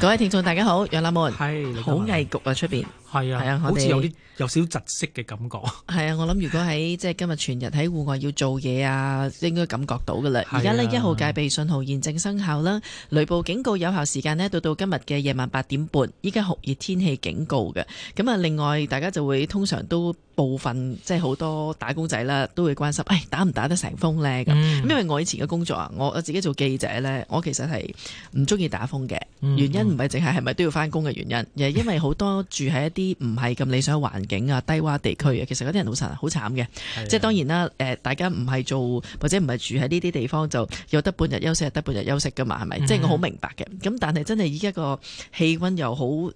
各位聽眾大家好，楊立文，好翳焗啊，出面。係啊，是啊好似有啲們有少窒息嘅感覺。係啊，我諗如果喺即係今日全日喺戶外要做嘢啊，應該感覺到噶啦。而家、啊、呢，一號戒備信號現正生效啦，雷暴警告有效時間呢，到到今日嘅夜晚八點半。依家酷熱天氣警告嘅。咁啊，另外大家就會通常都部分即係好多打工仔啦，都會關心，誒打唔打得成風呢？嗯」咁。因為我以前嘅工作啊，我我自己做記者呢，我其實係唔中意打風嘅，原因唔係淨係係咪都要翻工嘅原因，而係因為好多住喺一啲。啲唔係咁理想環境啊，低洼地區啊，其實嗰啲人好殘好慘嘅，的即係當然啦。誒，大家唔係做或者唔係住喺呢啲地方，就有得半日休息，又得半日休息噶嘛，係咪？即係的我好明白嘅。咁但係真係依家個氣溫又好翳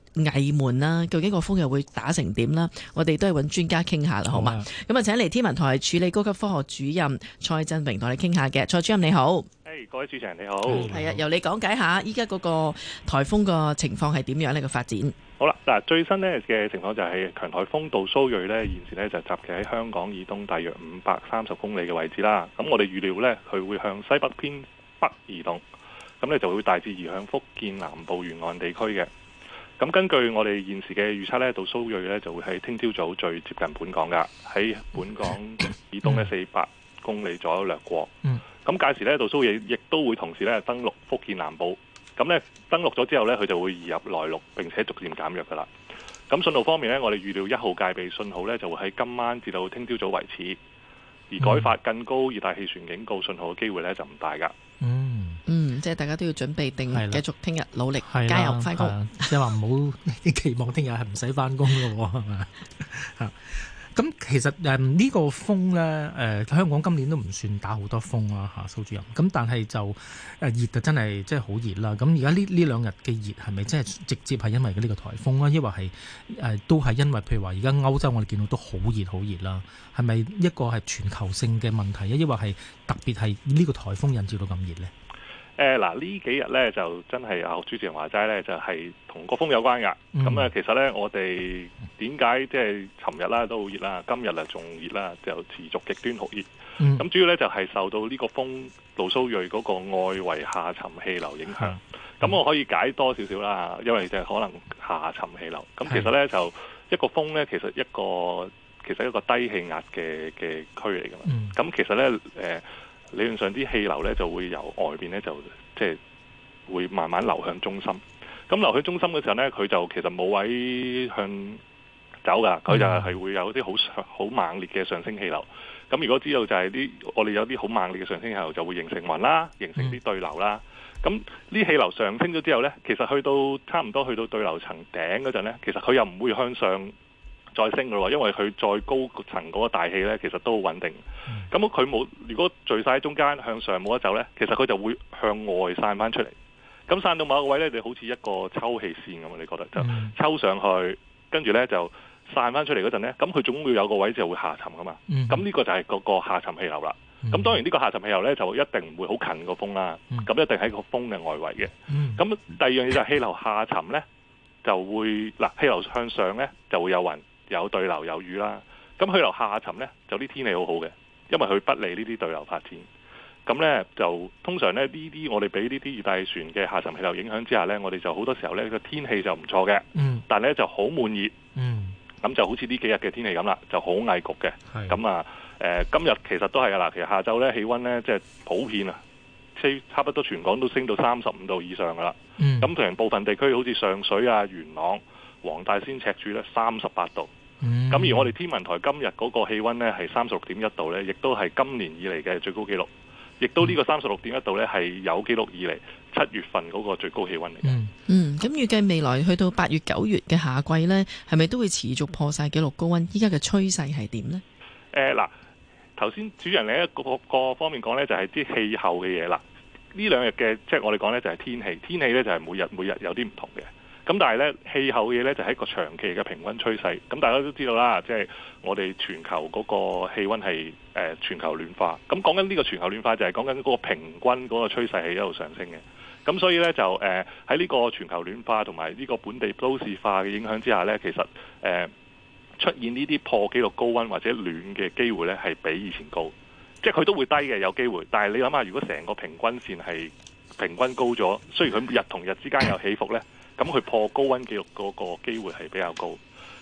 悶啦，究竟個風又會打成點啦？我哋都係搵專家傾下啦，好嘛？咁啊的，就請嚟天文台署理高級科學主任蔡振榮同你傾下嘅，蔡主任你好。Hey, 各位主持人你好，係啊、嗯，嗯嗯、由你講解一下依家嗰個台風個情況係點樣呢？個發展？好啦，嗱，最新咧嘅情況就係強台風杜蘇芮呢現時呢就集結喺香港以東大約五百三十公里嘅位置啦。咁我哋預料呢，佢會向西北偏北移動，咁咧就會大致移向福建南部沿岸地區嘅。咁根據我哋現時嘅預測呢，杜蘇芮呢就會喺聽朝早最接近本港噶，喺本港以東嘅四百公里左右略過。嗯咁屆時呢，杜蘇芮亦都會同時咧登陸福建南部。咁咧登陸咗之後咧，佢就會移入內陸，並且逐漸減弱噶啦。咁信號方面呢，我哋預料一號戒備信號咧就會喺今晚至到聽朝早為止。而改發更高熱帶氣旋警告信號嘅機會咧就唔大噶。嗯嗯，即係大家都要準備定，繼續聽日努力加油翻工，即係話唔好期望聽日係唔使翻工嘅喎，係咪啊？ 咁其實誒呢個風咧誒、呃、香港今年都唔算打好多風啦、啊、嚇，蘇、啊、主任。咁但係就熱就真係即係好熱啦、啊。咁而家呢呢兩日嘅熱係咪即係直接係因為呢個颱風啊？抑或係都係因為譬如話而家歐洲我哋見到都好熱好熱啦、啊。係咪一個係全球性嘅問題啊？抑或係特別係呢個颱風引致到咁熱咧？誒，嗱、哎、呢幾日咧就真係啊，主持人話齋咧就係同個風有關噶。咁啊、嗯嗯，其實咧我哋點解即係尋日啦都好熱啦、啊，今日啊仲熱啦、啊，就持續極端酷熱。咁、嗯嗯嗯、主要咧就係、是、受到呢個風杜蘇芮嗰個外圍下沉氣流影響。咁、嗯嗯、我可以解多少少啦，因為就係可能下沉氣流。咁其實咧的就一個風咧，其實一個其實一個，其實一個低氣壓嘅嘅區嚟噶嘛。咁、嗯嗯嗯、其實咧誒。呃理論上啲氣流呢就會由外面呢，就即、是、係會慢慢流向中心。咁流去中心嘅時候呢，佢就其實冇位向走㗎，佢就係會有啲好好猛烈嘅上升氣流。咁如果知道就係啲我哋有啲好猛烈嘅上升氣流，就會形成雲啦，形成啲對流啦。咁呢、嗯、氣流上升咗之後呢，其實去到差唔多去到對流層頂嗰陣呢，其實佢又唔會向上。再升嘅話，因為佢再高層嗰個大氣咧，其實都好穩定。咁佢冇，如果聚晒喺中間向上冇得走咧，其實佢就會向外散翻出嚟。咁散到某一個位咧，你好似一個抽氣扇咁啊！你覺得抽就抽上去，跟住咧就散翻出嚟嗰陣咧，咁佢總會有個位置就會下沉噶嘛。咁呢、嗯、個就係嗰個，個下沉氣流啦。咁、嗯、當然呢個下沉氣流咧，就一定唔會好近個風啦。咁、嗯、一定喺個風嘅外圍嘅。咁、嗯、第二樣嘢就係氣流下沉咧，就會嗱氣流向上咧就會有雲，有對流有雨啦，咁氣流下沉呢，就啲天氣好好嘅，因為佢不利呢啲對流發展。咁呢，就通常呢，呢啲我哋俾呢啲熱帶船嘅下沉氣流影響之下呢，我哋就好多時候呢個天氣就唔錯嘅。嗯、但呢就，滿、嗯、就好悶熱。咁就好似呢幾日嘅天氣咁啦，就好翳焗嘅。咁的啊、呃、今日其實都係啊嗱，其實下晝呢，氣温呢，即、就、係、是、普遍啊，差不多全港都升到三十五度以上噶啦。咁同埋部分地區好似上水啊、元朗、黃大仙赤柱、咧三十八度，咁、嗯、而我哋天文台今日嗰個氣温呢，係三十六點一度呢，亦都係今年以嚟嘅最高紀錄，亦都呢個三十六點一度呢係有紀錄以嚟七月份嗰個最高氣温嚟嘅。嗯，咁預計未來去到八月九月嘅夏季呢，係咪都會持續破晒紀錄高温？依家嘅趨勢係點呢？誒、呃，嗱，頭先主持人喺各個方面講呢，就係啲氣候嘅嘢啦。呢兩日嘅即係我哋講呢，就係天氣，天氣呢，就係每日每日有啲唔同嘅。咁但係咧氣候嘅嘢咧就係一個長期嘅平均趨勢。咁大家都知道啦，即係我哋全球嗰個氣温係誒全球暖化。咁講緊呢個全球暖化就係講緊嗰個平均嗰個趨勢係一路上升嘅。咁所以咧就誒喺呢個全球暖化同埋呢個本地都市化嘅影響之下咧，其實誒出現呢啲破紀錄高温或者暖嘅機會咧係比以前高。即係佢都會低嘅，有機會。但係你諗下，如果成個平均線係平均高咗，雖然佢日同日之間有起伏咧。咁佢破高温記錄嗰個機會係比較高。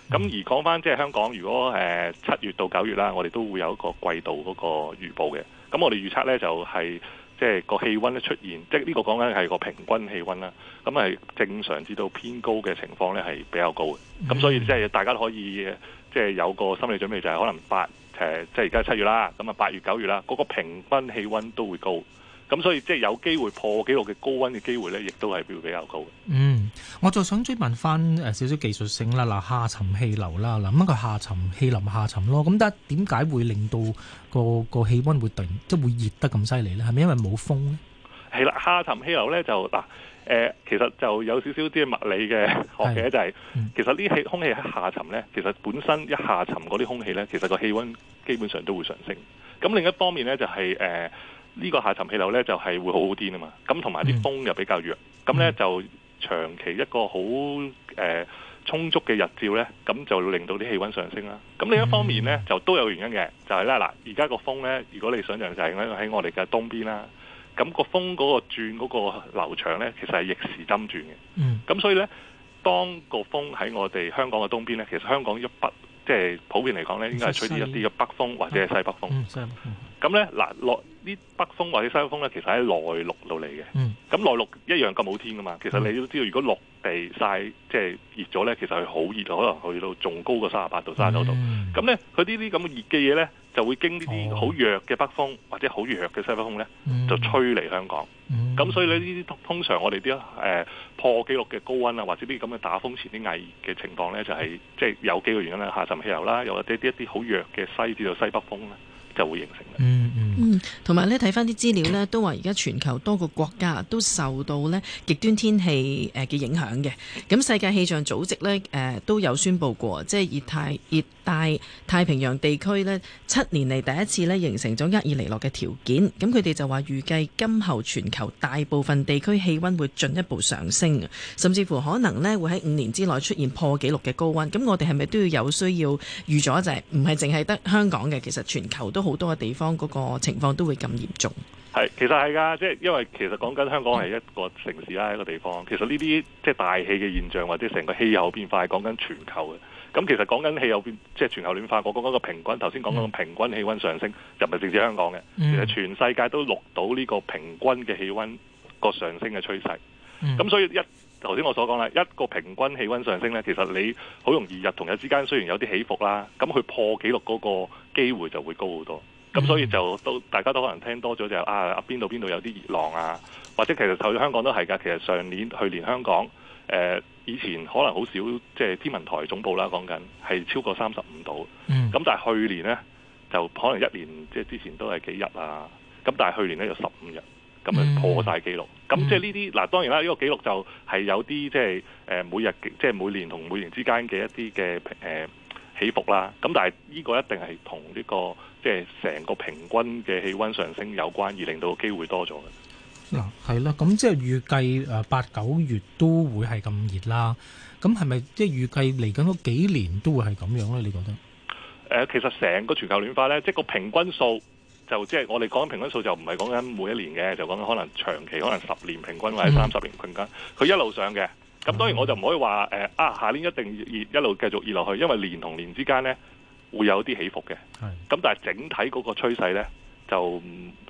咁而講翻即係香港，如果誒七月到九月啦，我哋都會有一個季度嗰個預報嘅。咁我哋預測呢，就係即係個氣温咧出現，即係呢個講緊係個平均氣温啦。咁係正常至到偏高嘅情況呢，係比較高嘅。咁所以即係大家可以即係有個心理準備，就係可能八即係而家七月啦，咁啊八月九月啦，嗰個平均氣温都會高。咁、嗯、所以即係有機會破紀錄嘅高温嘅機會咧，亦都係會比較高的。嗯，我就想追問翻誒少少技術性啦。嗱，下沉氣流啦，嗱、那、咁個下沉氣流下沉咯，咁但係點解會令到個個氣温會突然即係會熱得咁犀利咧？係咪因為冇風咧？係啦，下沉氣流咧就嗱誒、呃，其實就有少少啲物理嘅學嘅就係、是，是嗯、其實呢啲空氣喺下沉咧，其實本身一下沉嗰啲空氣咧，其實個氣温基本上都會上升。咁另一方面咧就係、是、誒。呃呢個下沉氣流呢，就係、是、會好好啲啊嘛，咁同埋啲風又比較弱，咁、嗯、呢就長期一個好、呃、充足嘅日照呢，咁就會令到啲氣温上升啦。咁另一方面呢，嗯、就都有原因嘅，就係、是、啦嗱，而家個風呢，如果你想象就係喺我哋嘅東邊啦，咁、那個風嗰個轉嗰個流場呢，其實係逆時針轉嘅。咁、嗯、所以呢，當個風喺我哋香港嘅東邊呢，其實香港一北即係、就是、普遍嚟講呢，應該係吹啲一啲嘅北風或者係西北風。咁、嗯嗯嗯、呢。嗱落。呢北風或者西北風咧，其實喺內陸度嚟嘅。咁、嗯、內陸一樣咁好天噶嘛。其實你都知道，如果落地晒，即係熱咗咧，其實佢好熱，可能去到仲高過三十八度、三十九度。咁咧，佢呢啲咁嘅熱嘅嘢咧，就會經呢啲好弱嘅北風或者好弱嘅西北風咧，就吹嚟香港。咁、嗯嗯、所以咧，呢啲通常我哋啲誒破紀錄嘅高温啊，或者啲咁嘅打風前啲危嘅情況咧，就係即係有幾個原因啦，下沉氣流啦，又或者啲一啲好弱嘅西至到西北風咧。就會形成嗯嗯嗯，同埋呢，睇翻啲資料呢，都話而家全球多個國家都受到呢極端天氣誒嘅影響嘅。咁世界氣象組織呢，誒都有宣布過，即係熱帶熱帶太平洋地區呢，七年嚟第一次呢，形成咗厄爾尼諾嘅條件。咁佢哋就話預計今後全球大部分地區氣溫會進一步上升，甚至乎可能呢，會喺五年之內出現破紀錄嘅高溫。咁我哋係咪都要有需要預咗？就係唔係淨係得香港嘅？其實全球都。好多嘅地方嗰個情況都會咁嚴重。係其實係，係噶，即係因為其實講緊香港係一個城市啦，嗯、一個地方。其實呢啲即係大氣嘅現象或者成個氣候變化係講緊全球嘅。咁其實講緊氣候變，即、就、係、是、全球暖化。我講緊個平均，頭先講緊個平均氣温上升，又唔係只係香港嘅，其實全世界都錄到呢個平均嘅氣温個上升嘅趨勢。咁、嗯、所以一頭先我所講啦，一個平均氣温上升咧，其實你好容易日同日之間雖然有啲起伏啦，咁佢破記錄嗰個機會就會高好多。咁、mm. 所以就都大家都可能聽多咗就是、啊邊度邊度有啲熱浪啊，或者其實喺香港都係㗎。其實上年去年香港誒、呃、以前可能好少，即係天文台總部啦講緊係超過三十五度。咁、mm. 但係去年呢，就可能一年即係之前都係幾日啊，咁但係去年呢，就十五日，咁樣破晒記錄。咁即係呢啲，嗱當然啦，呢個記錄就係有啲即係誒每日即係每年同每年之間嘅一啲嘅誒起伏啦。咁但係呢個一定係同呢個即係成個平均嘅氣温上升有關，而令到機會多咗嘅。嗱係啦，咁即係預計誒八九月都會係咁熱啦。咁係咪即係預計嚟緊嗰幾年都會係咁樣咧？你覺得？誒，其實成個全球暖化咧，即係個平均數。就即係我哋講緊平均數就唔係講緊每一年嘅，就講緊可能長期可能十年平均或者三十年平均，佢一路上嘅。咁當然我就唔可以話啊，下年一定熱一路繼續熱落去，因為年同年之間呢會有啲起伏嘅。咁但係整體嗰個趨勢呢，就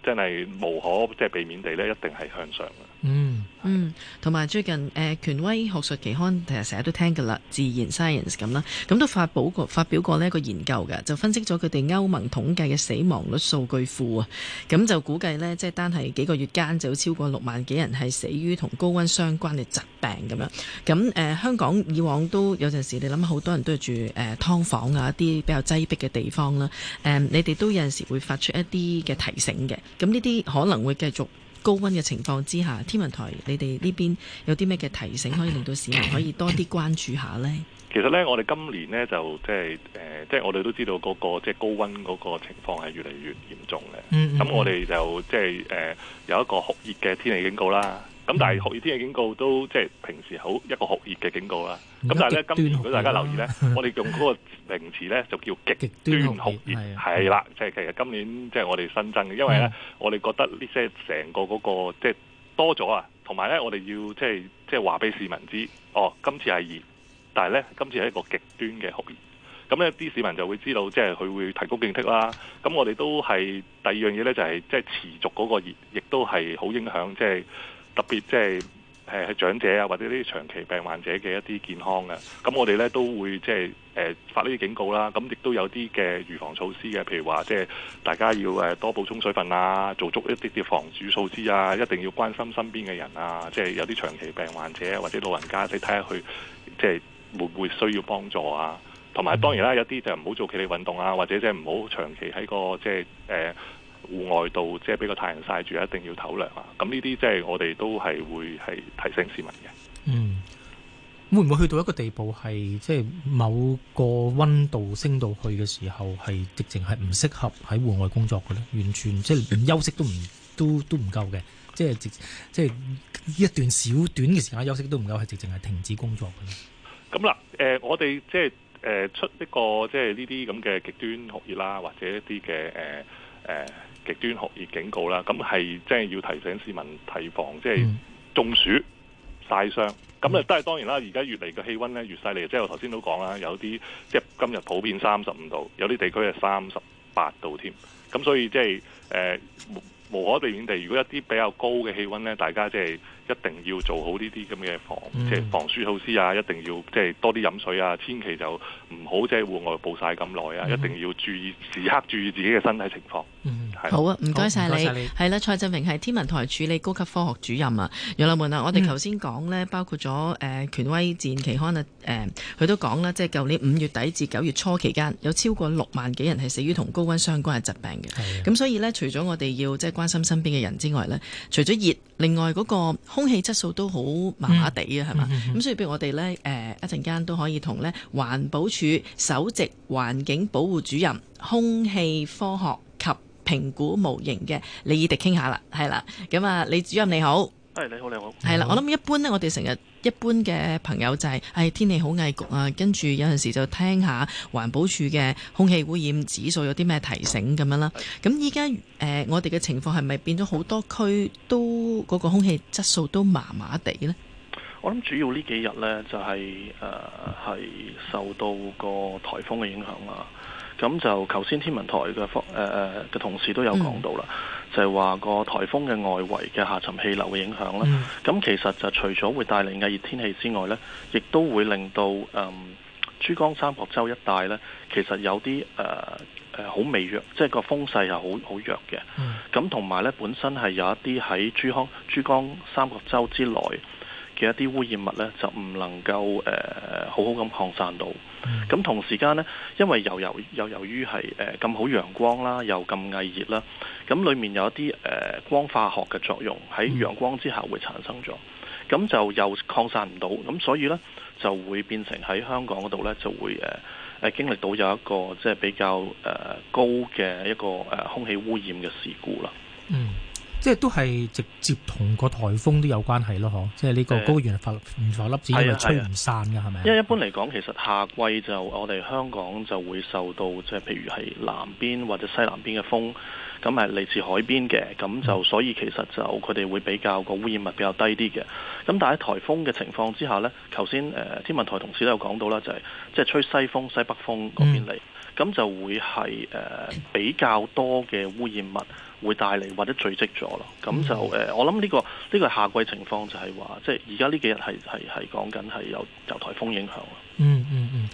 真係無可即係避免地呢，一定係向上嘅。嗯嗯，同埋是最近誒、呃、權威學術期刊其實成日都聽㗎啦，《自然 Science》咁啦，咁都發佈過發表過呢一個研究嘅，就分析咗佢哋歐盟統計嘅死亡率數據庫啊，咁就估計呢，即係單係幾個月間就有超過六萬幾人係死於同高温相關嘅疾病咁樣。咁誒、呃、香港以往都有陣時，你諗好多人都住誒、呃、劏房啊，一啲比較擠迫嘅地方啦。誒、呃、你哋都有陣時會發出一啲嘅提醒嘅。咁呢啲可能會繼續。高溫嘅情況之下，天文台你哋呢邊有啲咩嘅提醒可以令到市民可以多啲關注一下呢？其實呢，我哋今年呢，就即係誒，即、呃、係、就是、我哋都知道嗰、那個即係、就是、高溫嗰個情況係越嚟越嚴重嘅。咁、嗯嗯、我哋就即係誒有一個酷熱嘅天氣警告啦。咁但係酷熱天氣警告都即係平時好一個酷熱嘅警告啦。咁但係咧今年如果大家留意咧， 我哋用嗰個名詞咧就叫極端酷熱，係啦，即係其實今年即係我哋新增嘅，因為咧的我哋覺得個個、那個就是、呢些成個嗰個即係多咗啊，同埋咧我哋要即係即係話俾市民知，哦，今次係熱，但係咧今次係一個極端嘅酷熱，咁咧啲市民就會知道即係佢會提高警惕啦。咁我哋都係第二樣嘢咧就係即係持續嗰個熱，亦都係好影響即係。就是特別即係誒係長者啊，或者啲長期病患者嘅一啲健康嘅，咁我哋咧都會即係誒發呢啲警告啦。咁亦都有啲嘅預防措施嘅，譬如話即係大家要誒多補充水分啊，做足一啲啲防暑措施啊，一定要關心身邊嘅人啊，即係有啲長期病患者或者老人家，你睇下佢即係會唔會需要幫助啊。同埋當然啦，有啲就唔好做體力運動啊，或者即係唔好長期喺個即係誒。呃戶外度即係俾個太陽曬住，一定要透涼啊！咁呢啲即係我哋都係會係提醒市民嘅。嗯，會唔會去到一個地步，係即係某個溫度升到去嘅時候，係直情係唔適合喺戶外工作嘅咧？完全即係連休息都唔都都唔夠嘅，即係直即係一段小短嘅時間休息都唔夠，係直情係停止工作嘅。咁啦，誒、呃，我哋即係誒、呃、出一個即係呢啲咁嘅極端酷熱啦，或者一啲嘅誒誒。呃呃極端酷熱警告啦，咁係即係要提醒市民提防，即係中暑晒、嗯、傷。咁咧都係當然啦。而家越嚟嘅氣温咧越犀利，即係我頭先都講啦，有啲即係今日普遍三十五度，有啲地區係三十八度添。咁所以即係誒無可避免地，如果一啲比較高嘅氣温咧，大家即係一定要做好呢啲咁嘅防即係、嗯、防暑措施啊！一定要即係多啲飲水啊！千祈就唔好即係戶外暴曬咁耐啊！嗯、一定要注意時刻注意自己嘅身體情況。嗯好啊，唔該晒。謝謝你係啦。蔡振榮係天文台署理高級科學主任門啊，楊立，嗯、門啊，我哋頭先講咧，包括咗誒、呃、權威戰期刊誒，佢、呃、都講啦，即係舊年五月底至九月初期間，有超過六萬幾人係死於同高温相關嘅疾病嘅。咁、嗯、所以咧，除咗我哋要即係關心身邊嘅人之外咧，除咗熱，另外嗰個空氣質素都好麻麻地啊，係嘛？咁，吧嗯、所以俾我哋咧誒一陣間都可以同咧環保署首席環境保護主任空氣科學及評估模型嘅李以迪傾下啦，係啦，咁啊，李主任你好，誒你好你好，係啦，我諗一般呢，我哋成日一般嘅朋友就係、是、係、哎、天氣好翳焗啊，跟住有陣時就聽下環保署嘅空氣污染指數有啲咩提醒咁樣啦。咁依家誒我哋嘅情況係咪變咗好多區都嗰個空氣質素都麻麻地呢？我諗主要呢幾日呢，就係誒係受到個颱風嘅影響啊。咁就求先天文台嘅方嘅同事都有講到啦，嗯、就係話個颱風嘅外圍嘅下沉氣流嘅影響啦。咁、嗯、其實就除咗會帶嚟酷熱天氣之外呢，亦都會令到誒、呃、珠江三角洲一帶呢，其實有啲誒好微弱，即係個風勢係好好弱嘅。咁同埋呢本身係有一啲喺珠江珠江三角洲之內。有一啲污染物呢就唔能夠誒、呃、好好咁擴散到，咁、mm. 同時間呢，因為又由由由於係誒咁好陽光啦，又咁翳熱啦，咁裡面有一啲誒、呃、光化學嘅作用喺陽光之下會產生咗，咁、mm. 就又擴散唔到，咁所以呢，就會變成喺香港嗰度呢，就會誒誒、呃呃、經歷到有一個即係、就是、比較誒、呃、高嘅一個誒、呃、空氣污染嘅事故啦。嗯。Mm. 即係都係直接同個颱風都有關係咯，嗬！即係呢個高原發唔少的粒子，因為吹唔散嘅係咪？因為一般嚟講，其實夏季就我哋香港就會受到，即係譬如係南邊或者西南邊嘅風，咁係嚟自海邊嘅，咁、嗯、就所以其實就佢哋會比較個污染物比較低啲嘅。咁但係喺颱風嘅情況之下呢，頭先誒天文台同事都有講到啦，就係即係吹西風、西北風嗰邊嚟，咁、嗯、就會係誒、呃、比較多嘅污染物。會帶嚟或者聚積咗咯，咁就、嗯呃、我諗呢、呢個呢、呢個夏季情況就係話，即係而家呢幾日係係講緊係有由颱風影響嗯。嗯嗯嗯，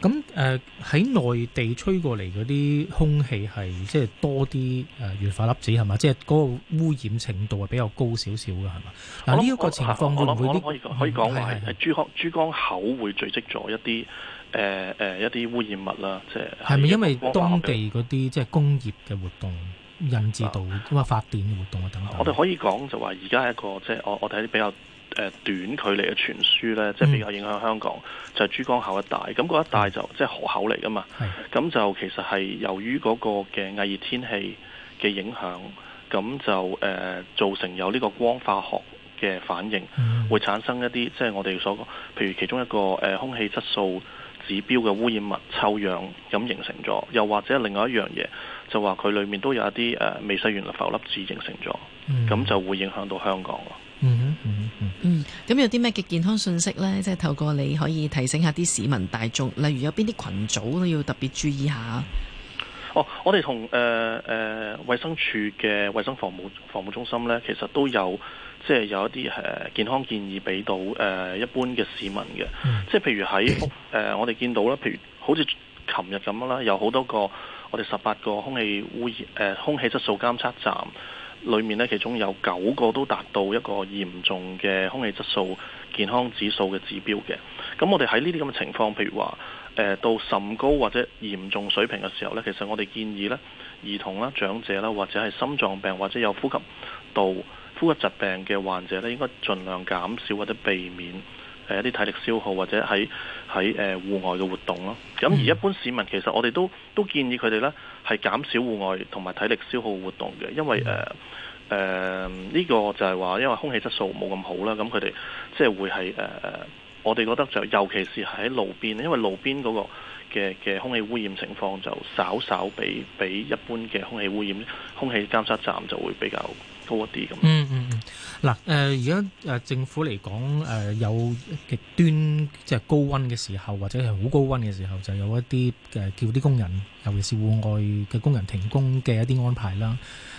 咁喺、呃、內地吹過嚟嗰啲空氣係即係多啲誒、呃、懸浮粒子係嘛？即係嗰個污染程度係比較高少少嘅係嘛？嗱呢一個情況會唔會我我可，可以可以講話係珠江珠江口會聚積咗一啲、呃呃、一啲污染物啦。即係係咪因為當地嗰啲、啊、即係工業嘅活動？引致到，咁啊發電活動啊等等我們、就是我，我哋可以講就話而家一個即係我我睇啲比較誒短距離嘅傳輸咧，即、就、係、是、比較影響香港、嗯、就是珠江口一帶，咁嗰一帶就即係、嗯、河口嚟㗎嘛，咁是 就其實係由於嗰個嘅異熱天氣嘅影響，咁就誒、呃、造成有呢個光化學嘅反應，嗯、會產生一啲即係我哋所講譬如其中一個誒、呃、空氣質素。指標嘅污染物臭氧咁形成咗，又或者另外一樣嘢就話佢裡面都有一啲、呃、微細懸浮粒子形成咗，咁、嗯、就會影響到香港咯、嗯。嗯咁、嗯嗯嗯、有啲咩嘅健康信息呢？即、就、係、是、透過你可以提醒一下啲市民大眾，例如有邊啲群組都要特別注意下。哦，我哋同誒誒衛生署嘅衞生防護防護中心呢，其實都有。即係有一啲誒健康建議俾到誒一般嘅市民嘅，嗯、即係譬如喺誒、呃、我哋見到啦，譬如好似琴日咁啦，有好多個我哋十八個空氣污染誒空氣質素監測站裏面呢，其中有九個都達到一個嚴重嘅空氣質素健康指數嘅指標嘅。咁我哋喺呢啲咁嘅情況，譬如話誒、呃、到甚高或者嚴重水平嘅時候呢，其實我哋建議呢兒童啦、長者啦，或者係心臟病或者有呼吸道呼吸疾病嘅患者咧，應該盡量減少或者避免誒一啲體力消耗或者喺喺誒戶外嘅活動咯。咁而一般市民其實我哋都都建議佢哋呢係減少戶外同埋體力消耗活動嘅，因為誒呢、呃呃呢個就係話因為空氣質素冇咁好啦。咁佢哋即係會係誒、呃、我哋覺得就尤其是喺路邊，因為路邊嗰個嘅嘅空氣污染情況就稍稍比比一般嘅空氣污染空氣監測站就會比較。多一啲咁嗯嗯嗯嗱，誒而家誒政府嚟講，誒有極端即係高温嘅時候，或者係好高温嘅時候，就有一啲誒叫啲工人，尤其是戶外嘅工人停工嘅一啲安排啦。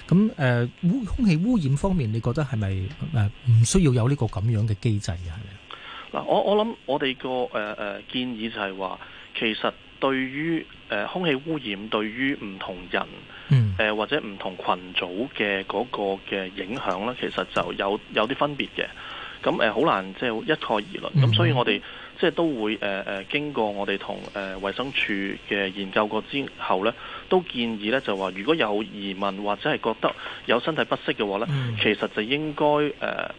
咁誒污空氣污染方面，你覺得係咪誒唔需要有呢個咁樣嘅機制啊？係咪？嗱，我我諗我哋個誒誒建議就係話，其實。對於誒、呃、空氣污染對於唔同人誒、嗯呃、或者唔同群組嘅嗰個嘅影響呢，其實就有有啲分別嘅。咁誒好難即係一概而論。咁、嗯、所以我哋即係都會誒誒、呃、經過我哋同誒衛生署嘅研究過之後呢都建議呢就話如果有疑問或者係覺得有身體不適嘅話呢、嗯、其實就應該誒誒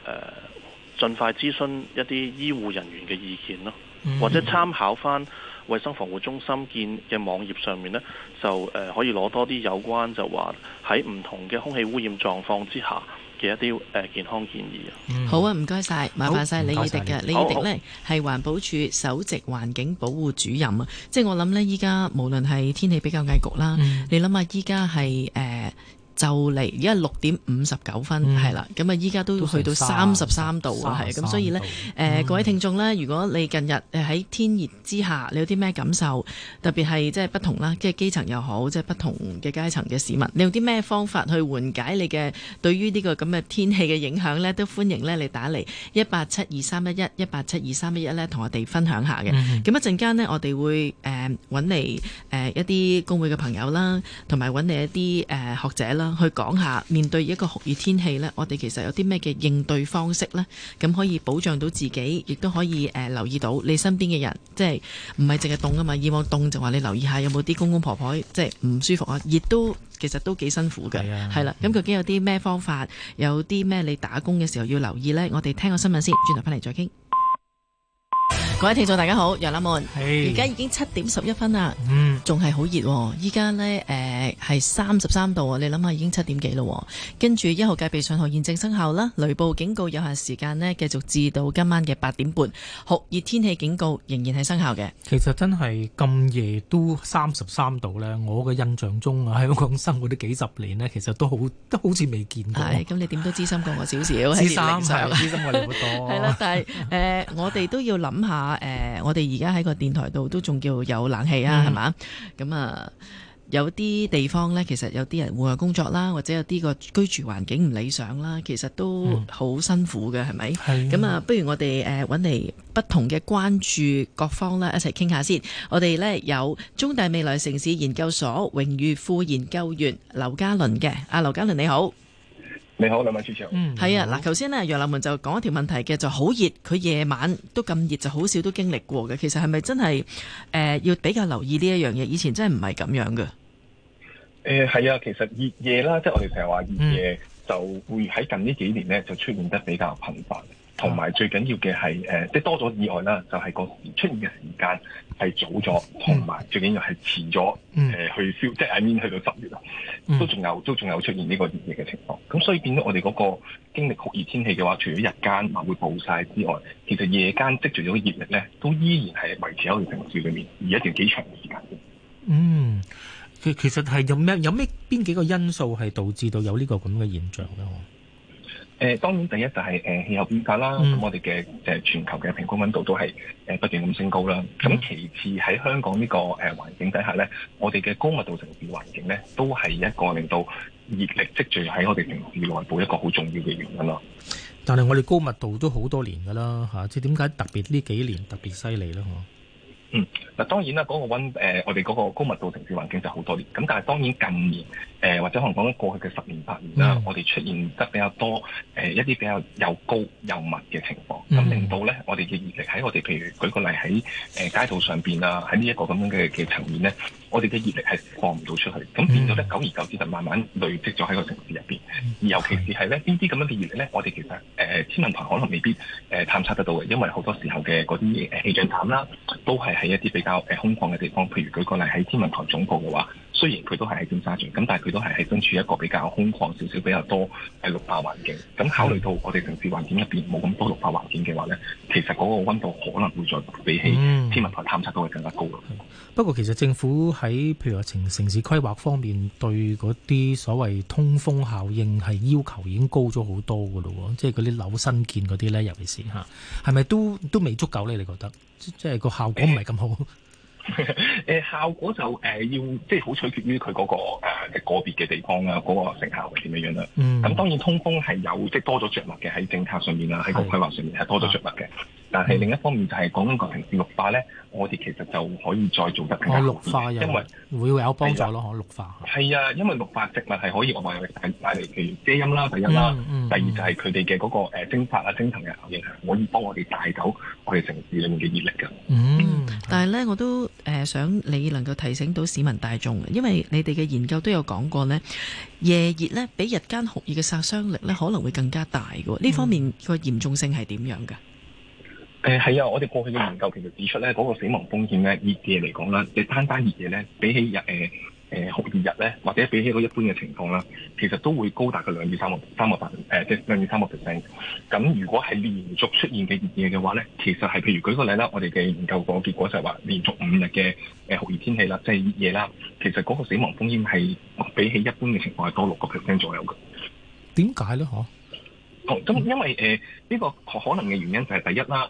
盡快諮詢一啲醫護人員嘅意見咯，嗯、或者參考翻。衞生防護中心建嘅網頁上面呢，就誒可以攞多啲有關就話喺唔同嘅空氣污染狀況之下嘅一啲誒、呃、健康建議啊。嗯、好啊，唔該晒，麻煩晒。李以好迪嘅。李以、嗯、迪呢係環保署首席環境保護主任啊。即係我諗呢，依家無論係天氣比較翳焗啦，嗯、你諗下依家係誒。呃就嚟，而家六點五十九分，係啦、嗯，咁啊，依家都去到、嗯、都三十、三十三度啊，係，咁所以咧，誒、呃、各位聽眾咧，如果你近日誒喺天熱之下，你有啲咩感受？嗯、特別係即係不同啦，即係基層又好，即係不同嘅階層嘅市民，你有啲咩方法去緩解你嘅對於呢個咁嘅天氣嘅影響咧？都歡迎咧，你打嚟一八七二三一一一八七二三一一咧，同我哋分享下嘅。咁、嗯嗯、一陣間咧，我哋會誒揾嚟誒一啲工會嘅朋友啦，同埋揾嚟一啲誒、呃、學者啦。去講下面對一個酷熱天氣呢，我哋其實有啲咩嘅應對方式呢？咁可以保障到自己，亦都可以誒、呃、留意到你身邊嘅人，即係唔係淨係凍啊嘛，以往凍就話你留意下有冇啲公公婆婆即係唔舒服啊，亦都其實都幾辛苦嘅，係啦、啊。咁究竟有啲咩方法，有啲咩你打工嘅時候要留意呢？我哋聽個新聞先，轉頭翻嚟再傾。各位聽眾大家好，楊立門，而家 Hey, 已經七點十一分啦，嗯，仲係好熱，依家呢誒、係三十三度啊，你諗下已經七點幾咯，跟住一號戒備信號現正生效啦，雷暴警告有限時間呢繼續至到今晚嘅八點半，酷熱天氣警告仍然係生效嘅。其實真係咁夜都三十三度呢，我嘅印象中啊，喺香港生活咗幾十年呢，其實都好都好似未見過。係、哎，咁你點都資深過我少少，資深係資深，我哋好多係啦 但係誒、呃、 我哋都要諗下。誒、呃，我哋而家喺個電台度都仲叫有冷氣啊，係嘛咁啊？有啲地方呢，其實有啲人戶外工作啦，或者有啲個居住環境唔理想啦，其實都好辛苦嘅，係咪？咁啊？不如我哋誒搵嚟不同嘅關注各方啦，一齊傾下先。我哋呢，有中大未來城市研究所榮譽副研究員劉家麟嘅，啊，劉家麟你好。你好，兩位主持。嗯，係啊，嗱，頭先咧楊立門就講一條問題嘅，就好熱，佢夜晚都咁熱，就好少都經歷過嘅。其實係咪真係誒、呃，要比較留意呢一樣嘢？以前真係唔係咁樣嘅。誒、呃，係啊，其實熱夜啦，即係我哋成日話熱夜，嗯、就會喺近呢幾年咧就出現得比較頻繁。同埋最緊要嘅係、呃、即係多咗意外啦，就係、是、個出現嘅時間係早咗，同埋、嗯、最緊要係遲咗誒、呃嗯、去消，即係 I mean, 去到十月啦，都仲有，嗯、都仲有出現呢個熱嘅情況。咁所以變咗我哋嗰個經歷酷熱天氣嘅話，除咗日間會暴曬之外，其實夜間積聚咗熱力咧，都依然係維持喺個城市裏面，而有一段幾長嘅時間。嗯，其其實係有咩有咩邊幾個因素係導致到有呢個咁嘅現象咧？誒，當然第一就係誒氣候變化啦，咁、嗯、我哋嘅誒全球嘅平均溫度都係誒不斷咁升高啦。咁、嗯、其次喺香港呢個誒環境底下咧，我哋嘅高密度城市環境咧，都係一個令到熱力積聚喺我哋城市內部一個好重要嘅原因咯。但係我哋高密度都好多年噶啦，吓，即係點解特別呢幾年特別犀利啦，嗯，嗱，當然啦，嗰、嗰個溫誒，我哋嗰個高密度城市環境就好多年，咁但係當然近年。誒、呃、或者可能講緊過去嘅十年八年啦、啊，嗯、我哋出現得比較多誒、呃、一啲比較又高又密嘅情況，咁令到咧我哋嘅熱力喺我哋譬如舉個例喺誒街道上邊啊，喺呢一個咁樣嘅嘅層面咧，我哋嘅熱力係放唔到出去，咁變咗咧久而久之就慢慢累積咗喺個城市入邊。而尤其是係咧呢啲咁樣嘅熱力咧，我哋其實誒天文台可能未必誒探測得到嘅，因為好多時候嘅嗰啲氣象站啦，都係喺一啲比較誒空曠嘅地方，譬如舉個例喺天文台總部嘅話，雖然佢都係喺尖沙咀，咁但佢都係喺跟住一個比較空曠少少，比較多係綠化環境。咁考慮到我哋城市環境入邊冇咁多綠化環境嘅話咧，其實嗰個溫度可能會再比起天文台探測到會更加高咯、嗯。不過其實政府喺譬如話城城市規劃方面對嗰啲所謂通風效應係要求已經高咗好多嘅咯，即係嗰啲樓新建嗰啲咧，尤其是嚇，係咪都都未足夠咧？你覺得即係個效果唔係咁好？呃誒、 呃，效果就誒、呃、要即係好取決於佢嗰個誒、呃、個別嘅地方啊嗰、那個成效係點樣樣啦。咁、嗯嗯、當然通風係有即係多咗着墨嘅喺政策上面啦，喺個規劃上面係的多咗着墨嘅。但係另一方面，嗯、就係講緊個城市綠化呢，我哋其實就可以再做得更加一綠化，因為會有幫助咯。係啊、綠化係啊，因為綠化植物係可以我話帶嚟，譬如遮陰啦、隔音啦，嗯、第二就係佢哋嘅嗰個蒸發啊、蒸騰嘅效應，可以幫我哋帶走我哋城市裏面嘅熱力嘅。嗯，嗯，但係呢，我都誒想你能夠提醒到市民大眾嘅，因為你哋嘅研究都有講過呢，夜熱呢，比日間酷熱嘅殺傷力呢，可能會更加大嘅。呢方面個嚴重性係點樣㗎？誒，係啊、哎！我哋過去嘅研究其實指出咧，嗰、那個死亡風險咧，熱夜嚟講啦，你單單熱夜咧，比起日誒誒酷熱日咧，或者比起嗰一般嘅情況啦，其實都會高達個兩至三個三個百分，誒，即係兩至三個 percent。咁如果係連續出現嘅熱夜嘅話咧，其實係譬如舉個例啦，我哋嘅研究個結果就係話，連續五日嘅誒酷熱天氣啦，即係熱夜啦，其實嗰個死亡風險係比起一般嘅情況係多六個 percent 左右嘅。點解咧？嗬？咁，因為誒呢、呃這個可能嘅原因就係第一啦，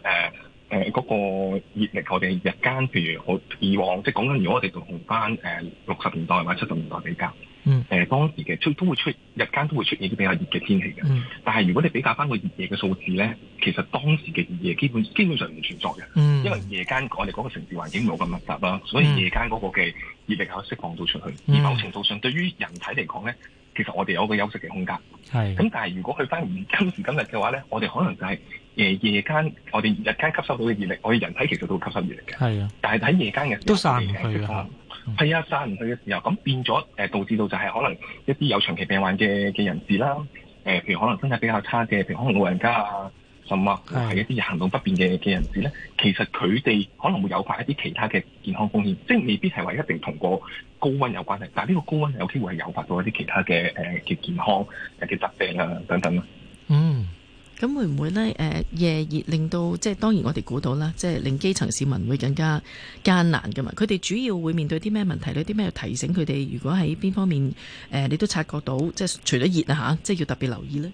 誒誒嗰個熱力，我哋日間，譬如我以往即係講緊，如果我哋同返誒六十年代或者七十年代比較，嗯，誒、呃、當時嘅都會出日間都會出現啲比較熱嘅天氣嘅，嗯，但係如果你比較翻個熱夜嘅數字咧，其實當時嘅熱夜基本基本上唔存在嘅，嗯，因為夜間我哋嗰個城市環境冇咁密集啦，所以夜間嗰個嘅熱力可以釋放到出去，嗯，而某程度上對於人體嚟講咧。其實我哋有個休息嘅空間，咁的。但係如果去翻唔今時今日嘅話咧，我哋可能就係夜間，我哋日間吸收到嘅熱力，我哋人體其實都會吸收熱力嘅，係啊的。但係喺夜間嘅時候都散唔去啦，係啊，散唔去嘅時候，咁變咗誒、呃，導致到就係可能一啲有長期病患嘅嘅人士啦、呃，譬如可能身體比較差嘅，譬如可能老人家啊。咁啊，嗯、係一啲行動不便嘅嘅人士呢，其實佢哋可能會誘發一啲其他嘅健康風險，即係未必係話一定同個高溫有關嘅，但係呢個高溫有機會係誘發到一啲其他嘅誒嘅健康嘅疾病啊等等咯。嗯，咁會唔會呢？誒、呃、夜熱令到即係當然我哋估到啦，即係令基層市民會更加艱難噶嘛。佢哋主要會面對啲咩問題呢？啲咩提醒佢哋？如果喺邊方面誒、呃，你都察覺到，即係除咗熱啊嚇，即係要特別留意呢。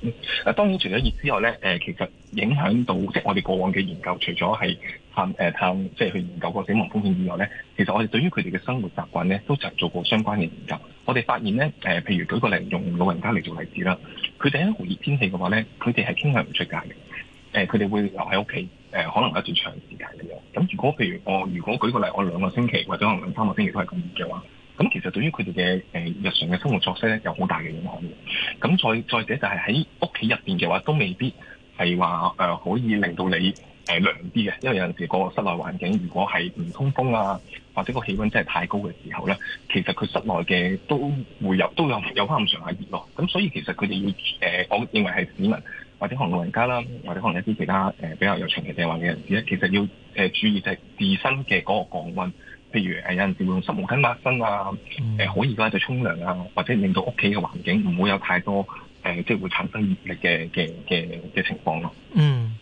啊、嗯，當然除咗熱之外咧，誒、呃、其實影響到即係我哋過往嘅研究，除咗係探誒、呃、探，即係去研究個死亡風險以外咧，其實我哋對於佢哋嘅生活習慣咧，都就做過相關嘅研究。我哋發現咧，誒、呃、譬如舉個例，用老人家嚟做例子啦，佢哋喺熱天氣嘅話咧，佢哋係傾向唔出街嘅，誒佢哋會留喺屋企，誒、呃、可能有一段長時間咁樣。咁如果譬如我如果舉個例，我兩個星期或者可能兩三個星期都係咁熱嘅話。咁其實對於佢哋嘅誒日常嘅生活作息咧，有好大嘅影響嘅。咁再再者就係喺屋企入面嘅話，都未必係話、呃、可以令到你誒涼啲嘅，因為有陣時個室內環境如果係唔通風啊，或者個氣温真係太高嘅時候咧，其實佢室內嘅都會有都有有翻咁上下熱咯。咁所以其實佢哋要誒、呃，我認為係市民或者可能老人家啦，或者可能一啲其他、呃、比較有情嘅嘅話嘅人士咧，其實要誒、呃、注意就係自身嘅嗰個降温。譬如誒有陣時用濕毛巾抹身啊，誒可以嘅就沖涼啊，或者令到屋企嘅環境唔會有太多誒，即係會產生熱力嘅嘅嘅嘅情況咯。嗯，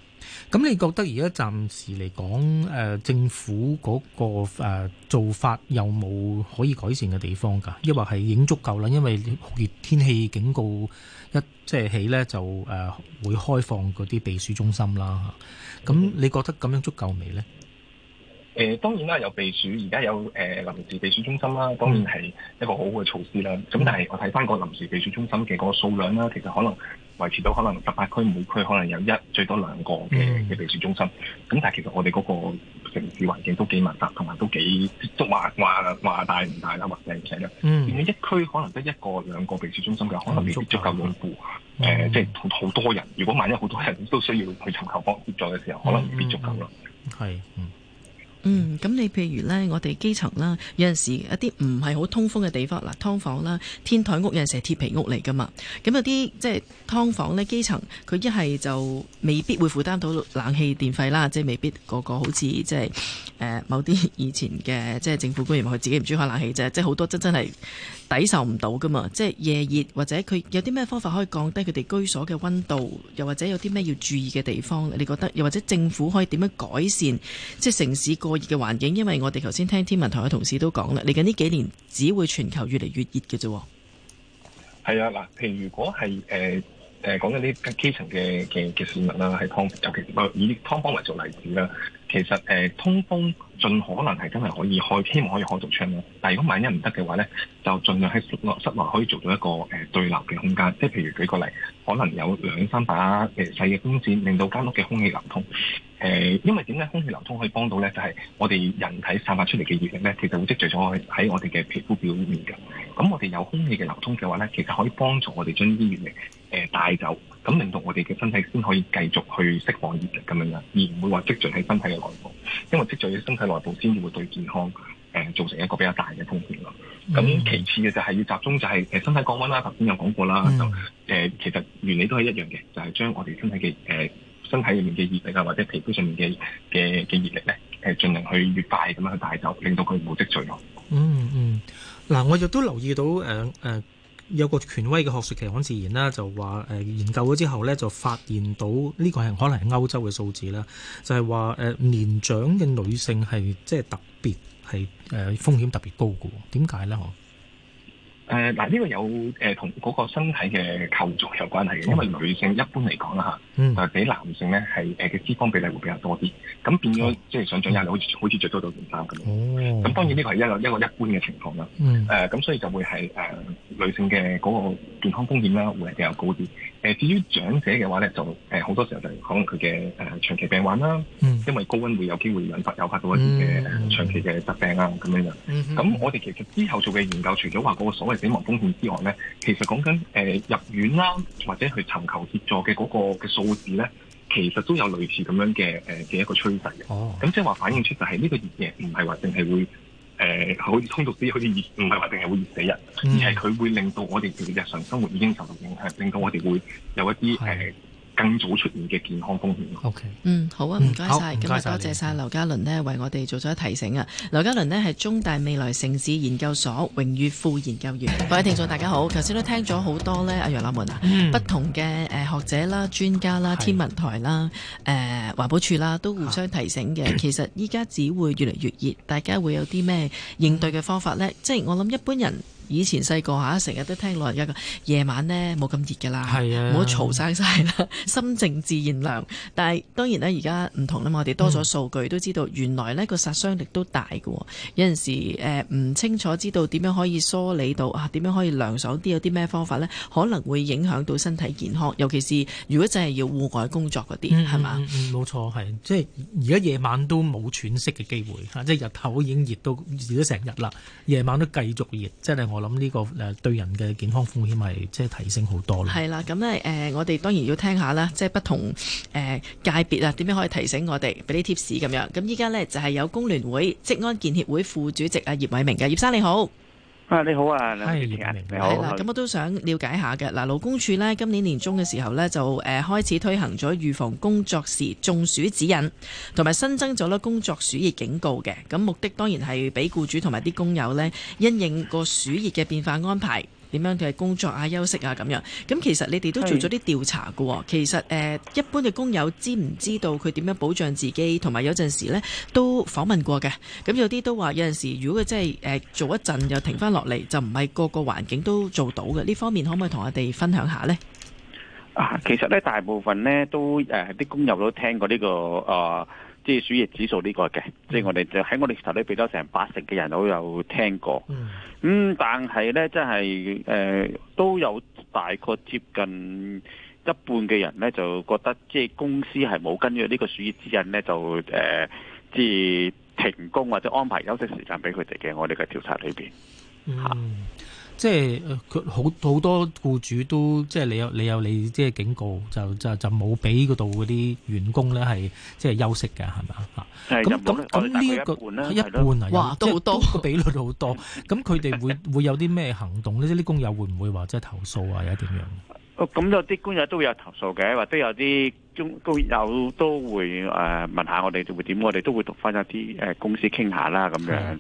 咁你覺得而家暫時嚟講誒政府嗰個做法誒有冇可以改善嘅地方㗎？抑或係已經足夠啦？因為酷熱天氣警告一即係起呢，就誒會開放嗰啲避暑中心啦。咁、嗯、你覺得咁樣足夠未呢？誒當然啦，有避暑，而家有誒臨時避暑中心啦，當然係、呃啊、一個好好嘅措施啦。咁、嗯、但係我睇返個臨時避暑中心嘅嗰個數量啦、啊，其實可能維持到可能十八區每區可能有一最多兩個嘅嘅避暑中心。咁但係其實我哋嗰個城市環境都幾密集，同埋都幾都話話話大唔大啦，或者唔成啦。點解，嗯、一區可能得一個兩個避暑中心嘅？可能未必，必，必足夠應付誒，即係好多人。如果萬一好多人都需要去尋求幫助嘅時候，可能未必，必足夠啦。係、嗯。嗯嗯嗯，咁你譬如咧，我哋基層啦，有陣時一啲唔係好通風嘅地方，嗱，劏房啦、天台屋，有陣時係鐵皮屋嚟噶嘛。咁有啲即係劏房咧，基層佢一係就未必會負擔到冷氣電費啦，即係未必個個好似即係誒某啲以前嘅即係政府官員佢自己唔中意開冷氣啫。即係好多真真係抵受唔到噶嘛。即係夜熱或者佢有啲咩方法可以降低佢哋居所嘅溫度，又或者有啲咩要注意嘅地方？你覺得又或者政府可以點樣改善即係城市過熱嘅環境，因為我哋頭先聽天文台嘅同事都講啦，嚟緊呢幾年只會全球越嚟越熱嘅啫。係啊，嗱，譬如如果係誒誒，講緊啲基層嘅嘅嘅市民啦，係劏房，尤其我，呃、以劏房為做例子啦。其實誒、呃，通風盡可能係真係可以開，希望可以開到窗。但係如果萬一唔得嘅話咧，就盡量喺室內，室內可以做到一個誒、呃、對流嘅空間，即係譬如舉個例子。可能有兩三把誒、呃、細嘅風扇，令到間屋嘅空氣流通。呃、因為點解空氣流通可以幫到咧？就係、是、我哋人體散發出嚟嘅熱力咧，其實會積聚咗喺我哋嘅皮膚表面嘅。咁我哋有空氣嘅流通嘅話咧，其實可以幫助我哋將呢啲熱力誒、呃、帶走，咁令到我哋嘅身體先可以繼續去釋放熱力咁樣樣，而唔會話積聚喺身體嘅內部。因為積聚喺身體內部先會對健康做、呃、造成一個比較大嘅風險咯。咁、嗯、其次嘅就係要集中，就係身體降溫啦，頭先有講過啦，就、嗯、其實原理都係一樣嘅，就係、是、將我哋身體嘅身體入面嘅熱力啊，或者皮膚上面嘅嘅嘅熱力咧，誒盡量去越快咁樣去帶走，就令到佢冇積聚咯。嗯嗯，嗱，我亦都留意到，誒、呃、有個權威嘅學術期刊《自然》啦，就、呃、話研究咗之後咧，就發現到呢、這個係可能係歐洲嘅數字啦，就係、是、話、呃、年長嘅女性係即係係誒，風險特別高嘅，點解咧？嗬？誒，嗱，呢個有誒同嗰個身體嘅構造有關係嘅，因為女性一般嚟講啦吓，就比男性咧係誒嘅脂肪比例會比較多啲，咁變咗即係想像吓好似好似著多咗件衫咁。哦，咁當然呢個係一個一個一般嘅情況啦。嗯。誒，咁所以就會係誒女性嘅嗰個健康風險咧，會係比較高啲。誒，至於長者嘅話咧，就誒好多時候就可能佢嘅誒長期病患啦，嗯、因為高溫會有機會引發誘發到一啲嘅長期嘅疾病啊，咁樣、嗯、樣。咁、嗯、哼我哋其實之後做嘅研究，除咗話嗰個所謂死亡風險之外咧，其實講緊誒入院啦，或者去尋求協助嘅嗰個嘅數字咧，其實都有類似咁樣嘅誒嘅一個趨勢嘅。咁即係話反映出就係呢個熱嘅唔係話淨係會。誒好通俗啲，好似熱唔係話定係會熱死人，而係佢會令到我哋嘅日常生活已經受到影響，令到我哋會有一啲誒。更早出現嘅健康風險。O Okay . K，嗯，好啊，唔該晒。咁啊，謝謝多謝晒劉家麟呢，為我哋做咗提醒啊。劉家麟呢，係中大未來城市研究所榮譽副研究員。各位聽眾大家好，頭先、嗯、都聽咗好多呢，阿楊立文啊，啊嗯、不同嘅誒、呃、學者啦、專家啦、是天文台啦、誒、呃、環保署啦，都互相提醒嘅。啊、其實依家只會越嚟越熱，大家會有啲咩應對嘅方法呢？嗯、即係我諗一般人。以前細個嚇，成日都聽老人家講，夜晚呢冇咁熱㗎啦，冇得嘈生晒啦，心靜自然涼。但係當然呢，而家唔同啦嘛，我哋多咗數據都知道，嗯、原來呢個殺傷力都大喎。有陣時誒唔清楚知道點樣可以梳理到啊？點樣可以涼爽啲？有啲咩方法呢？可能會影響到身體健康，尤其是如果真係要戶外工作嗰啲，係嘛、嗯？嗯、冇錯，係即係而家夜晚都冇喘息嘅機會，即係日頭已經熱到熱咗成日啦，夜晚都繼續熱，即係我。我諗呢個誒對人嘅健康風險係即係提升好多咯。係啦，咁咧誒，我哋當然要聽下啦，即係不同誒界別啊，點樣可以提醒我哋，俾啲貼士咁樣。咁依家咧就係有工聯會職安健協會副主席阿葉偉明嘅，葉生你好。啊，你好啊，哎、呀你好咁，好我都想了解下嘅。嗱，勞工處今年年中嘅時候呢，就誒開始推行咗預防工作時中暑指引，同埋新增咗工作暑熱警告嘅。咁目的當然係俾僱主同埋啲工友呢，因應個暑熱嘅變化安排，點樣嘅工作啊、休息啊咁樣，咁其實你哋都做咗啲調查嘅。是其實誒、呃，一般嘅工友知唔知道佢點樣保障自己，同埋有陣時呢都訪問過嘅。咁有啲都話有陣時，如果佢真係誒做一陣又停翻落嚟，就唔係個個環境都做到嘅。呢方面可唔可以同我哋分享一下呢？啊，其實呢大部分呢都誒啲、呃、工友都聽過呢、呢個誒。呃即係暑熱指數呢、這個嘅，嗯、即係我哋就喺我哋頭咧，俾咗成八成嘅人都有聽過。咁、嗯嗯、但係咧，真係誒、呃、都有大概接近一半嘅人咧，就覺得即係公司係冇根據呢個暑熱指引咧，就、呃、即係停工或者安排休息時間俾佢哋嘅。我哋嘅調查裏邊嚇。嗯啊即係佢好好多僱主都即係你有你有你即係警告就就就冇俾嗰度嗰啲員工咧係即係休息嘅係咪？咁咁咁呢一個一半嚟哇都好多個比率都好多，咁佢哋會會有啲咩行動咧？啲 工友會唔會話即係投訴啊？又點樣？咁有啲工友都會有投訴嘅，或者有啲工工友都會誒問下我哋會點，我哋都會讀翻一啲誒公司傾下啦咁樣。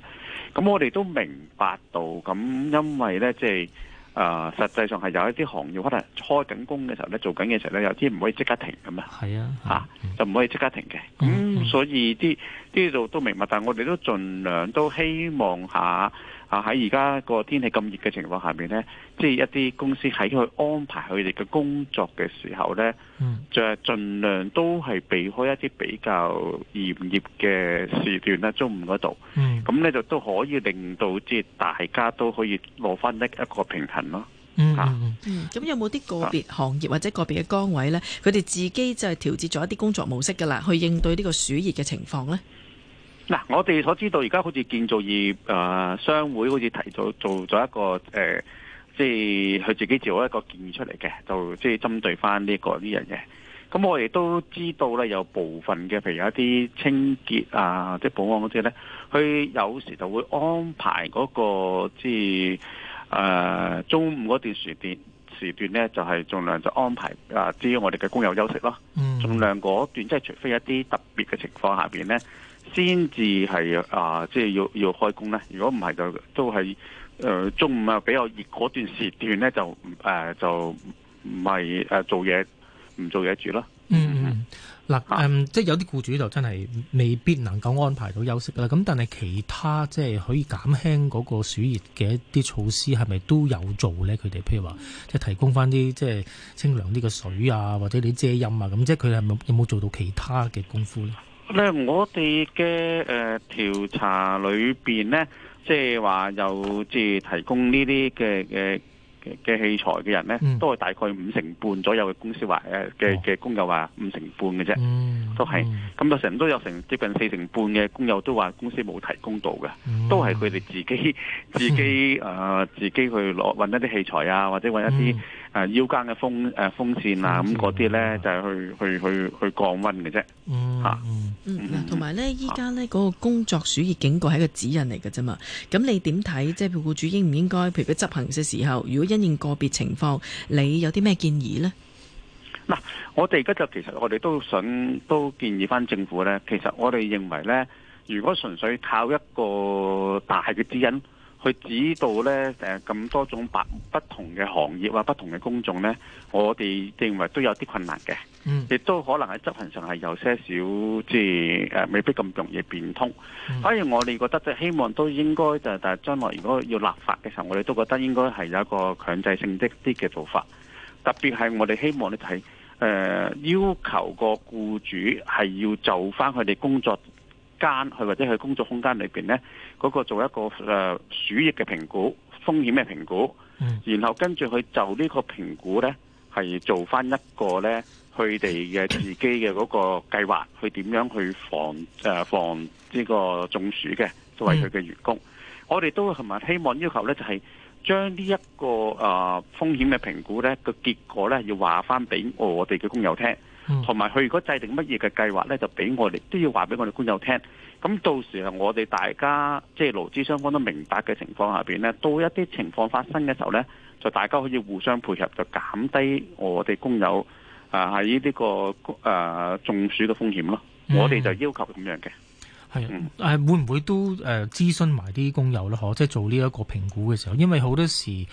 咁我哋都明白到，咁因為咧，即係啊、呃，實際上係有一啲行業可能開緊工嘅時候咧，做緊嘅時候咧，有啲唔可以即刻停咁嘛。係啊，啊，吓就唔可以即刻停嘅。咁、嗯、所以啲呢度都明白，但係我哋都盡量都希望下。啊！喺而家個天氣咁熱嘅情況下面，呢即係一啲公司喺佢安排佢哋嘅工作嘅時候呢、嗯、就係盡量都係避開一啲比較炎熱嘅時段啦，的中午嗰度。咁呢、嗯、就都可以令到即係大家都可以攞翻一一個平衡咯。嚇，咁有冇啲個別行業或者個別嘅崗位呢？佢哋自己就係調節咗一啲工作模式㗎喇，去應對呢個暑熱嘅情況呢。嗱、啊，我哋所知道而家好似建造業誒、呃、商會好似提早做咗一個誒、呃，即係佢自己做一個建議出嚟嘅，就即係針對翻呢、這個呢樣嘢。咁、這個這個嗯、我亦都知道咧，有部分嘅，譬如一啲清潔啊，即係保安嗰啲咧，佢有時就會安排嗰、那個即係誒、呃、中午嗰段時段時段咧，就係、是、盡量就安排啊，至於我哋嘅工友休息咯，盡量嗰段即係除非一啲特別嘅情況下邊咧。先至係啊，即係要要開工咧。如果唔係，就都係誒中午啊比較熱嗰段時段咧、呃，就誒就唔係誒做嘢，唔做嘢住咯。嗯嗯，嗱，嗯，即係有啲僱主就真係未必能夠安排到休息㗎啦。咁但係其他即係可以減輕嗰個暑熱嘅一啲措施，係咪都有做咧？佢哋譬如話即係提供翻啲即係清涼啲嘅水啊，或者啲遮陰啊，咁即係佢係有冇做到其他嘅功夫咧？咧，我哋嘅誒調查裏面咧，即係話有即係提供呢啲嘅嘅嘅器材嘅人咧，嗯、都係大概五成半左右嘅公司話誒嘅嘅工友話五成半嘅啫，都係咁到成都有成接近四成半嘅工友都話公司冇提供到嘅，嗯、都係佢哋自己自己誒、 呃、自己去攞揾一啲器材啊，或者揾一啲。嗯腰間嘅風誒風扇啊咁嗰啲咧就係去去去、嗯、去降溫嘅啫，吓，嗯嗯，同埋咧依家咧嗰個工作暑熱警告係一個指引嚟嘅啫嘛。咁、啊、你點睇即係雇主應唔應該，譬如執行嘅時候，如果因應個別情況，你有啲咩建議呢？嗱、嗯，我哋而家就其實我哋都想都建議翻政府咧。其實我哋認為咧，如果純粹靠一個大嘅指引。去指導咧咁、呃、多種白不同嘅行業啊，不同嘅工種咧，我哋認為都有啲困難嘅，亦、mm. 都可能喺執行上係有些少即係、呃、未必咁容易變通。所以、mm. 我哋覺得即係希望都應該就係但係將來如果要立法嘅時候，我哋都覺得應該係有一個強制性的一啲嘅做法，特別係我哋希望咧睇誒要求個僱主係要做翻佢哋工作。間去或者去工作空間裏邊呢，嗰個做一個誒暑熱嘅評估風險嘅評估，評估嗯、然後跟住佢就呢個評估呢，係做翻一個呢，佢哋嘅自己嘅嗰個計劃，佢點樣去防誒、呃、防呢個中暑嘅，作為佢嘅員工，嗯、我哋都同埋希望要求呢，就係將呢一個誒、呃、風險嘅評估呢個結果呢，要話翻俾我哋嘅工友聽。同埋佢如果制定乜嘢嘅計劃呢，就俾我哋都要話俾我哋工友聽。咁到時候，我哋大家即係勞資雙方都明白嘅情況下邊，呢到一啲情況發生嘅時候呢，就大家可以互相配合，就減低我哋工友啊喺呢啲個誒、呃、中暑嘅風險咯。我哋就要求咁樣嘅。係，誒是，嗯、會唔會都誒諮詢埋啲工友咧？嗬、呃，即係、就是、做呢一個評估嘅時候，因為好多時即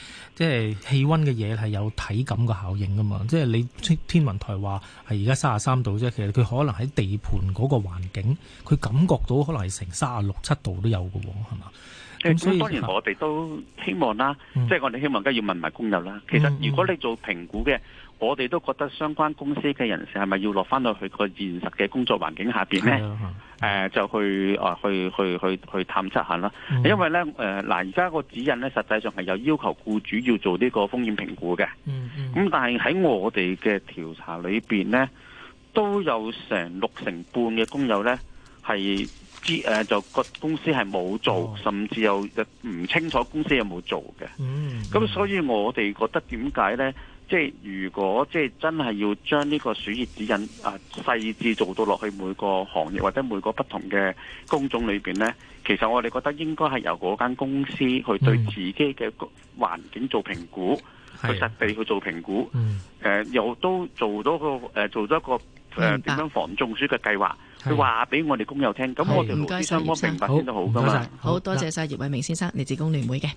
係氣溫嘅嘢係有體感嘅效應噶嘛，即係你天文台話係而家三廿三度卅三度啫，其實佢可能喺地盤嗰個環境，佢感覺到可能係成卅六七度都有㗎係嘛？實嗯、所以當然我哋都希望啦，嗯、即係我哋希望梗要問埋工友啦。其實如果你做評估嘅。嗯嗯我哋都覺得相關公司嘅人士係咪要落翻到去個現實嘅工作環境下邊呢？誒、啊啊呃，就去、啊、去去去去探測下啦。嗯、因為呢，誒、呃、嗱，而家個指引呢，實際上係有要求僱主要做呢個風險評估嘅、嗯。嗯，咁但係喺我哋嘅調查裏面呢，都有成六成半嘅工友呢係知誒，就個公司係冇做，哦、甚至又唔清楚公司有冇做嘅、嗯。嗯。咁所以我哋覺得點解呢？即係如果即係真係要將呢個暑熱指引啊，細緻做到落去每個行業或者每個不同嘅工種裏邊呢，其實我哋覺得應該係由嗰間公司去對自己嘅環境做評估，去實地去做評估，誒又都做到個誒做咗一個誒點樣防中暑嘅計劃，佢話俾我哋工友聽。咁我哋互相明白先得好㗎嘛。好多謝晒葉偉明先生嚟自工聯會嘅。